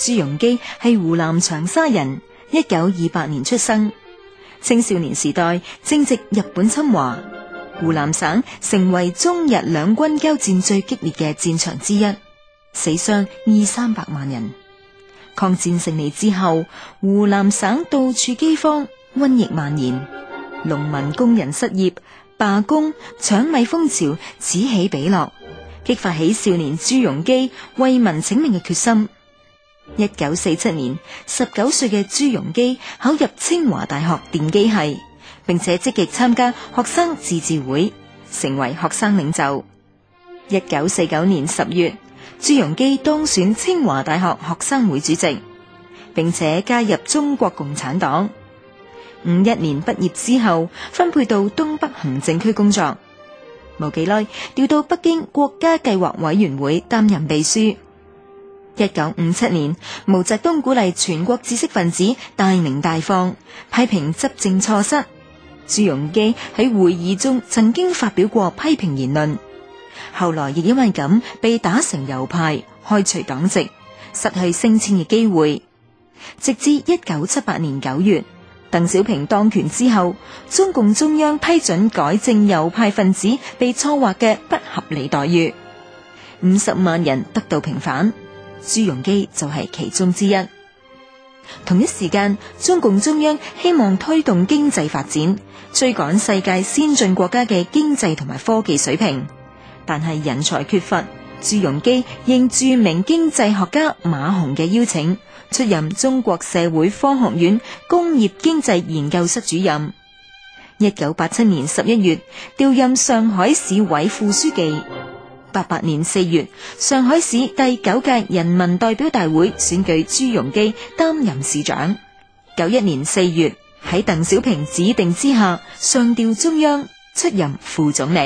朱鎔基係湖南長沙人，一九二八年出生。青少年時代正值日本侵華，湖南省成為中日兩軍交戰最激烈嘅戰場之一，死傷二三百萬人。抗戰勝利之後，湖南省到處饑荒，瘟疫蔓延，農民工人失業罷工搶米風潮此起彼落，激發起少年朱鎔基為民請命嘅決心。一九四七年，十九歲嘅朱鎔基考入清華大學電機系，並且積極參加學生自治會，成為學生領袖。一九四九年十月，朱鎔基當選清華大學學生會主席，並且加入中國共產黨。五一年畢業之後，分配到東北行政區工作，冇幾耐調到北京國家計劃委員會擔任秘書。一九五七年，毛澤東鼓勵全國知識分子大鳴大放，批評執政錯失。朱鎔基喺會議中曾經發表過批評言論，後來亦因為咁被打成右派，開除黨籍，失去升遷嘅機會。直至一九七八年九月，鄧小平當權之後，中共中央批准改正右派分子被錯劃嘅不合理待遇，五十萬人得到平反。朱鎔基就係其中之一。同一時間，中共中央希望推動經濟發展，追趕世界先進國家嘅經濟同埋科技水平，但係人才缺乏。朱鎔基應著名經濟學家馬洪嘅邀請，出任中國社會科學院工業經濟研究室主任。一九八七年十一月，調任上海市委副書記。八八年四月，上海市第九屆人民代表大會選舉朱鎔基擔任市長。九一年四月，喺鄧小平指定之下，上調中央出任副總理。